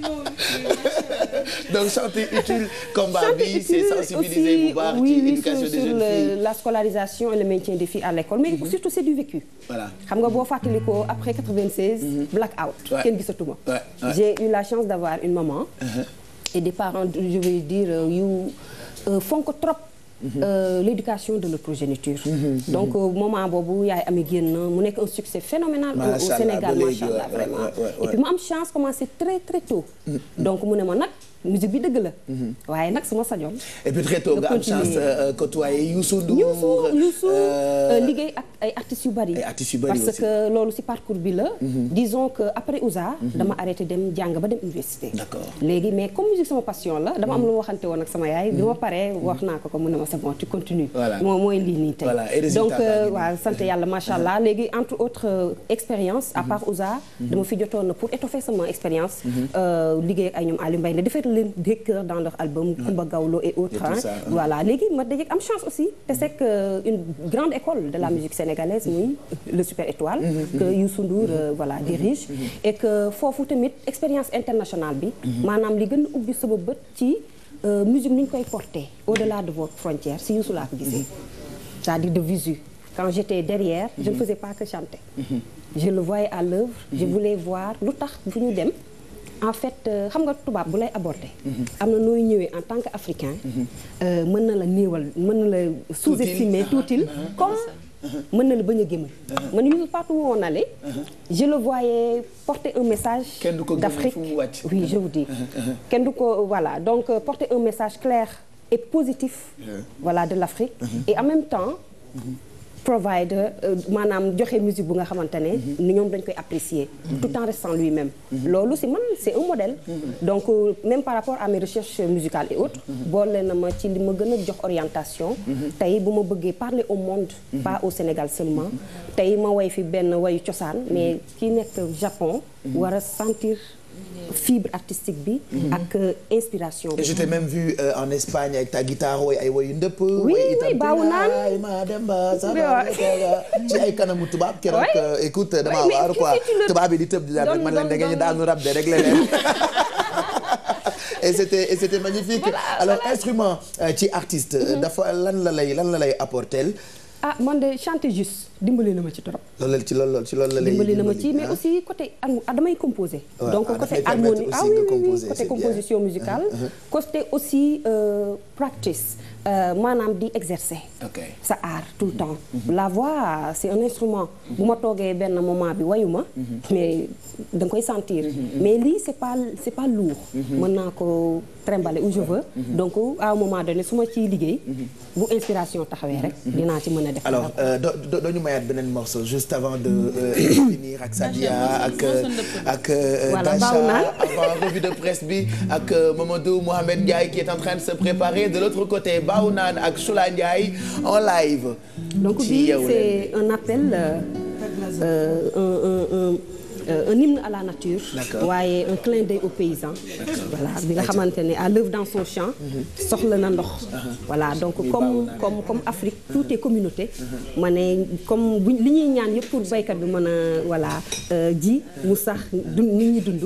donc santé utile combat bi c'est sensibiliser bu baax ci éducation des jeunes filles la scolarisation et le maintien des filles à l'école mais mhm. surtout c'est du vécu voilà xam nga boo fàttali ko après 96 mhm. black out kenn gisatuma j'ai eu la chance d'avoir une maman uh-huh. et des parents je vais dire euh, yu euh, fonk trop Euh, mhm. Mhm. Euh, mu nekk un succès phénoménal au Sénégal macha allah vraiment mhm. ne ma nag bi dëgg la waaye nag sama sañoon et puis très tôt euh, ak ay artistes yu bari parce loolu ci parcours bi la disons que après Ouza dama arrêté dem jàng ba dem léegi mais comme musique sama passion la dama am lu ma waxante woon ak sama yaay bi ma paree wax naa ko ko mu ne ma c'est bon tu continues. mooy lii nii tey. donc euh, waaw sant yàlla macha allah uh-huh. léegi entre autres euh, expérience à uh-huh. part Ouza. Uh-huh. ma fi jotoon na pour étoffer sama expérience. Euh, liggéey ak ay ñoom Aliou Mbaye ne defar leen des chœurs dans leur album. Kumba Gawlo et autres voilà léegi ma dajeeg am chance aussi te c'est que une grande école de la musique sénégalaise muy le Super Étoile. que Youssou Ndour voilà dirige. et que foofu tamit expérience internationale bi. maanaam li gën a ubbi Euh, musique ni ñu koy porter au-delà de votre frontière si Youssou laa ko gisee c'est-à-dire de visu quand j'étais derrière je ne faisais pas que chanter je le voyais à l'œuvre je voulais voir lu tax fu ñu dem en fait euh, xam nga tubaab bu lay aborder. Mhm. am na nooy ñëwee en tant que qu'africain mhm. euh, mën na la néewal mën na la sous-estimer tuutil ah, comme mën na la bañ a gémmal man Youssou partout où on allait je le voyais porter un message d'Afrique oui je vous dis kenn du ko voilà donc euh, porter un message clair et positif voilà de l'Afrique et en même temps provider euh, maanaam joxe musique bu nga xamante ne. Mhm. ni ñoom dañ koy apprécier. Mhm. tout en restant lui-même. Mhm. loolu si man c'est un modèle. donc euh, même par rapport à mes recherches musicales et autres. boole na ma ci li ma gën a jox orientation. tey bu ma bëggee parler au monde. pas au Sénégal seulement. tey ma woy fi benn wayu cosaan mais ki nekk Japon. war a sentir. fibre artistique bi. Mhm. ak euh, inspiration bi. et je euh, en Espagne avec ta guitare ay woyu ndëpp. oui oui baawu naan ay ma dem ba ay kanamu tubaab keroog. Euh, écoute dama waar quoi tubaab yi di tëb di daal man leen da ngeen daanu rab de régler leen. et c'était et magnifique. alors instrument ci artiste. Mhm. dafa lan la lay lan la lay apporter. ah man de chanter juste dimbali na ma ci trop. loolu ci loolu ci loolu la lay dimbali na ma ci mais ah. aussi côté ah damay composer. donc ah, côté harmonie ah oui oui côté composition musicale. Ah, côté aussi euh, practice euh, maanaam di exercer. sa art tout le temps. Mm-hmm. Mm-hmm. la voix c'est un instrument. Mm-hmm. bu ma toogee benn moment bi wayuma mais da nga koy sentir. mais lii c'est pas c'est pas lourd. mën naa ko trimballer où je veux. donc à un moment donné su ma ciy liggéey. bu inspiration taxawee rek dinaa ci mën a a def. alors euh, doo doo ñu mayaat beneen morceau juste avant de euh, finir ak Sadia ak ak euh, Dacha avant revue de presse bi ak Mamadou Mohamed Ndiaye qui est en train de se préparer de l'autre côté Baou ak Soula Ndiaye en live. donc bii c'est un appel. Euh, un, Euh, un hymne à la nature. waaye un clin d'œil aux paysans. voilà bi nga xamante ne à l'œuvre dans son champ. soxla na ndox. Uh-huh. voilà donc comme comme comme Afrique tout est uh-huh. communauté. Uh-huh. ma ne comme bu li ñuy ñaan yëpp pour baykat bi mën a voilà euh, ji mu sax dund nit ñi dund.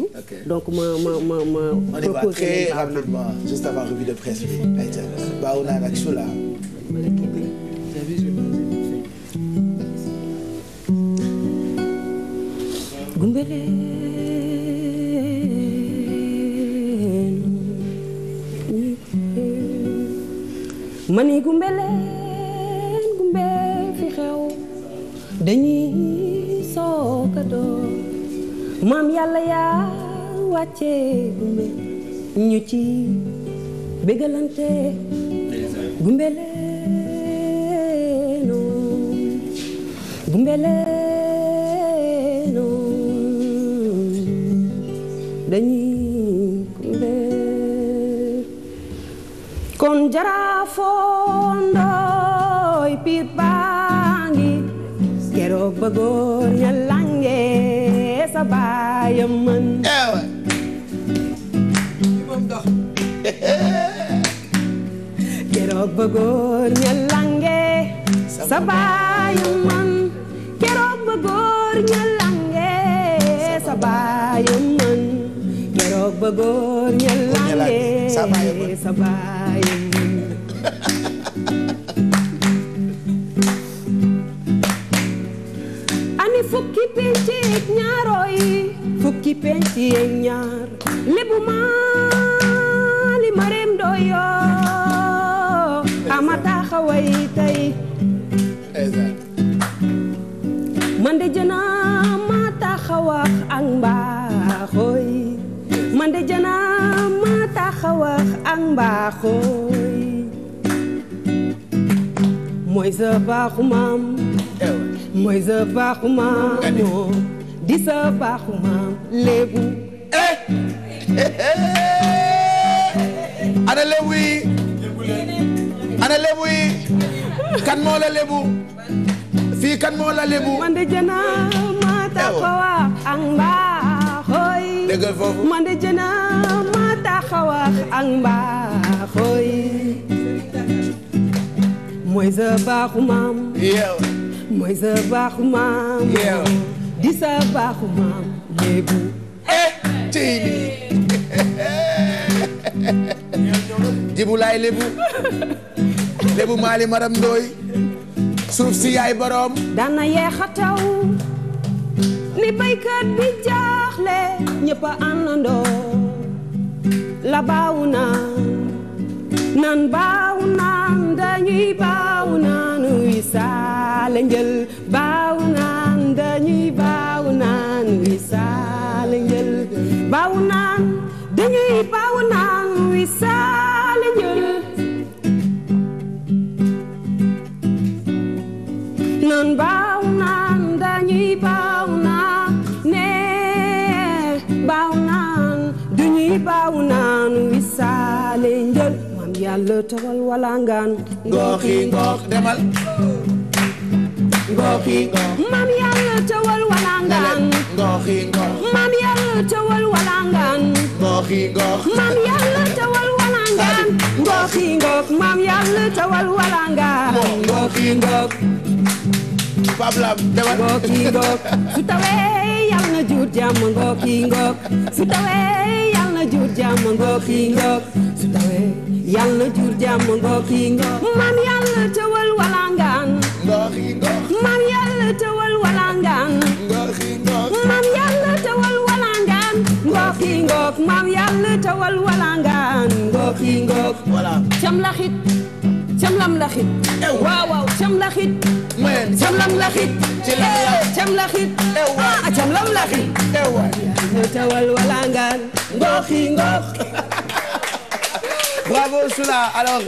donc ma ma ma ma. proposé on y va très de presse bi. naa nag Sula. man gumbe leen gumbe fi xew dañuy sooga door maam yàlla yaa wàcce gumbe ñu ci bégalante gumbe leen dañuy kumbeer kon jaraafoon dooy piir baa ngi keroog bëggoon ña langee sa baaya mën eewe keroog bëggoon ña langee sa baaya toog ba góor ñëlaange sa baay ani fukki penc yeeg ñaarooy fukki penc yeeg ñaar lebu maali mareem dooyoo man de janaa ma mooy sa baaxu maam mooy sa baaxu maam di sa baaxu maam léebu eh, eh, eh. ana léebu yi ana léebu yi kan moo la léebu fii kan moo la léebu man de janaa ma taxawax ak dëggal foofu man de jëna ma taxawaax ak mbaaxooy mooy sa baaxu maam yow mooy sa baaxu maam yow di sa baaxu maam léebu eh, maram ndooy suuf si yaay boroom dana yeexa ni baykat bi jaar jaaxle ñëpp a àndandoo la baaw naan naan baaw naan dañuy baaw naan wi saa baaw naan dañuy baaw naan wi saa baaw naan dañuy baaw naan wi ci baaw naanu wisaale njël maam yàlla tawal tawal wala ngaan gox yi gox maam yàlla tawal wala ngaan gox yi gox tawal wala ngaan gox yi gox tawal wala ngaan Pape Lam demal ngooki ngook su na jur jàmm ngooki ngook su tawee na jur jàmm ngooki ngook su tawee na jur jàmm ngooki ngook maam yàlla tëwal walangaan ngooki ngook maam yàlla tëwal walangaan ngooki ngook maam yàlla cam laxit camlam laxit waaw waaw cam laxit camlam laxit cam eh, laxit a ah, camlam laxit tawal wala ngaan ngooxi ngoox bravo Soula alors